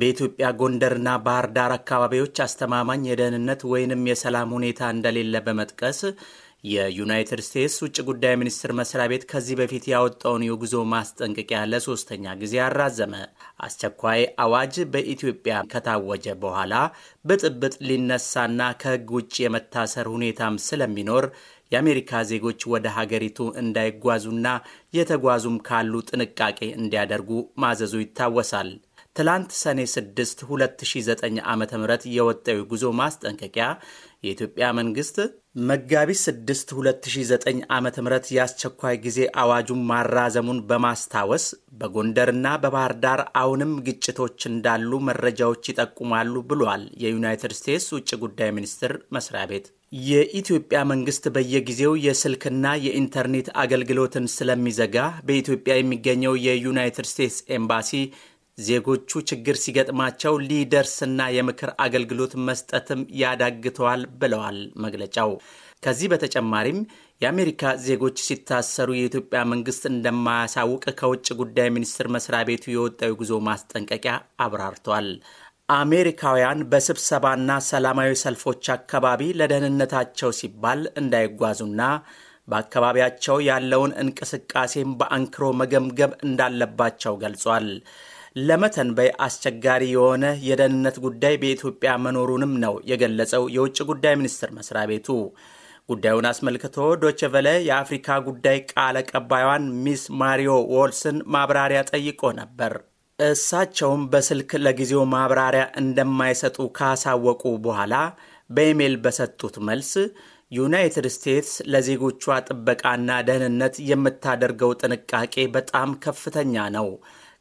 በኢትዮጵያ ጎንደርና ባህር ዳር አካባቢዎች አስተማማኝ የደህንነት ወይንም የሰላም ሁኔታ እንደሌለ በመጥቀስ የዩናይትድ ስቴትስ ውጭ ጉዳይ ሚኒስትር መስሪያ ቤት ከዚህ በፊት ያወጣውን የጉዞ ማስጠንቀቂያ ለሶስተኛ ጊዜ አራዘመ። አስቸኳይ አዋጅ በኢትዮጵያ ከታወጀ በኋላ ብጥብጥ ሊነሳና ከሕግ ውጭ የመታሰር ሁኔታም ስለሚኖር የአሜሪካ ዜጎች ወደ ሀገሪቱ እንዳይጓዙና የተጓዙም ካሉ ጥንቃቄ እንዲያደርጉ ማዘዙ ይታወሳል። ትላንት ሰኔ 6 2009 ዓ ም የወጣው የጉዞ ማስጠንቀቂያ የኢትዮጵያ መንግስት መጋቢት 6 2009 ዓ ም የአስቸኳይ ጊዜ አዋጁን ማራዘሙን በማስታወስ በጎንደርና በባህር ዳር አሁንም ግጭቶች እንዳሉ መረጃዎች ይጠቁማሉ ብሏል። የዩናይትድ ስቴትስ ውጭ ጉዳይ ሚኒስትር መስሪያ ቤት የኢትዮጵያ መንግስት በየጊዜው የስልክና የኢንተርኔት አገልግሎትን ስለሚዘጋ በኢትዮጵያ የሚገኘው የዩናይትድ ስቴትስ ኤምባሲ ዜጎቹ ችግር ሲገጥማቸው ሊደርስና የምክር አገልግሎት መስጠትም ያዳግተዋል ብለዋል መግለጫው። ከዚህ በተጨማሪም የአሜሪካ ዜጎች ሲታሰሩ የኢትዮጵያ መንግስት እንደማያሳውቅ ከውጭ ጉዳይ ሚኒስቴር መስሪያ ቤቱ የወጣው የጉዞ ማስጠንቀቂያ አብራርቷል። አሜሪካውያን በስብሰባና ሰላማዊ ሰልፎች አካባቢ ለደህንነታቸው ሲባል እንዳይጓዙና በአካባቢያቸው ያለውን እንቅስቃሴም በአንክሮ መገምገም እንዳለባቸው ገልጿል። ለመተንበይ አስቸጋሪ የሆነ የደህንነት ጉዳይ በኢትዮጵያ መኖሩንም ነው የገለጸው የውጭ ጉዳይ ሚኒስቴር መስሪያ ቤቱ። ጉዳዩን አስመልክቶ ዶችቨለ የአፍሪካ ጉዳይ ቃል አቀባይዋን ሚስ ማሪዮ ዎልስን ማብራሪያ ጠይቆ ነበር። እሳቸውም በስልክ ለጊዜው ማብራሪያ እንደማይሰጡ ካሳወቁ በኋላ በኢሜይል በሰጡት መልስ ዩናይትድ ስቴትስ ለዜጎቿ ጥበቃና ደህንነት የምታደርገው ጥንቃቄ በጣም ከፍተኛ ነው፣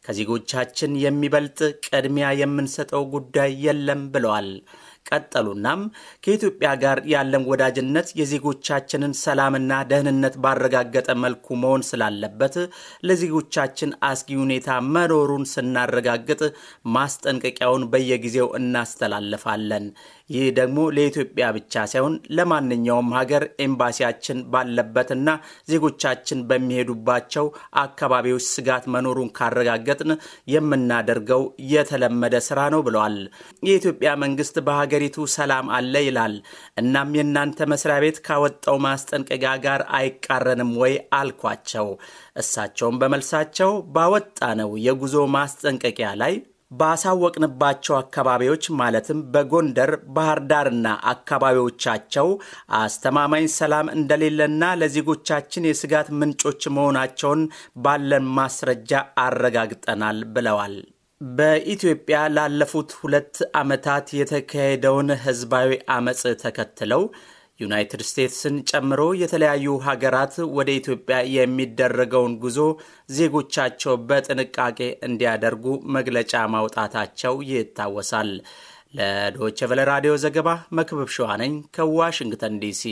ከዜጎቻችን የሚበልጥ ቅድሚያ የምንሰጠው ጉዳይ የለም ብለዋል። ቀጠሉናም ከኢትዮጵያ ጋር ያለን ወዳጅነት የዜጎቻችንን ሰላምና ደህንነት ባረጋገጠ መልኩ መሆን ስላለበት ለዜጎቻችን አስጊ ሁኔታ መኖሩን ስናረጋግጥ ማስጠንቀቂያውን በየጊዜው እናስተላልፋለን። ይህ ደግሞ ለኢትዮጵያ ብቻ ሳይሆን ለማንኛውም ሀገር ኤምባሲያችን ባለበትና ዜጎቻችን በሚሄዱባቸው አካባቢዎች ስጋት መኖሩን ካረጋገጥን የምናደርገው የተለመደ ስራ ነው ብለዋል። የኢትዮጵያ መንግስት በሀገር በሀገሪቱ ሰላም አለ ይላል። እናም የእናንተ መስሪያ ቤት ካወጣው ማስጠንቀቂያ ጋር አይቃረንም ወይ አልኳቸው። እሳቸውም በመልሳቸው ባወጣነው የጉዞ ማስጠንቀቂያ ላይ ባሳወቅንባቸው አካባቢዎች ማለትም በጎንደር ባህር ዳርና አካባቢዎቻቸው አስተማማኝ ሰላም እንደሌለና ለዜጎቻችን የስጋት ምንጮች መሆናቸውን ባለን ማስረጃ አረጋግጠናል ብለዋል። በኢትዮጵያ ላለፉት ሁለት ዓመታት የተካሄደውን ህዝባዊ አመፅ ተከትለው ዩናይትድ ስቴትስን ጨምሮ የተለያዩ ሀገራት ወደ ኢትዮጵያ የሚደረገውን ጉዞ ዜጎቻቸው በጥንቃቄ እንዲያደርጉ መግለጫ ማውጣታቸው ይታወሳል። ለዶቸቨለ ራዲዮ ዘገባ መክብብ ሸዋነኝ ከዋሽንግተን ዲሲ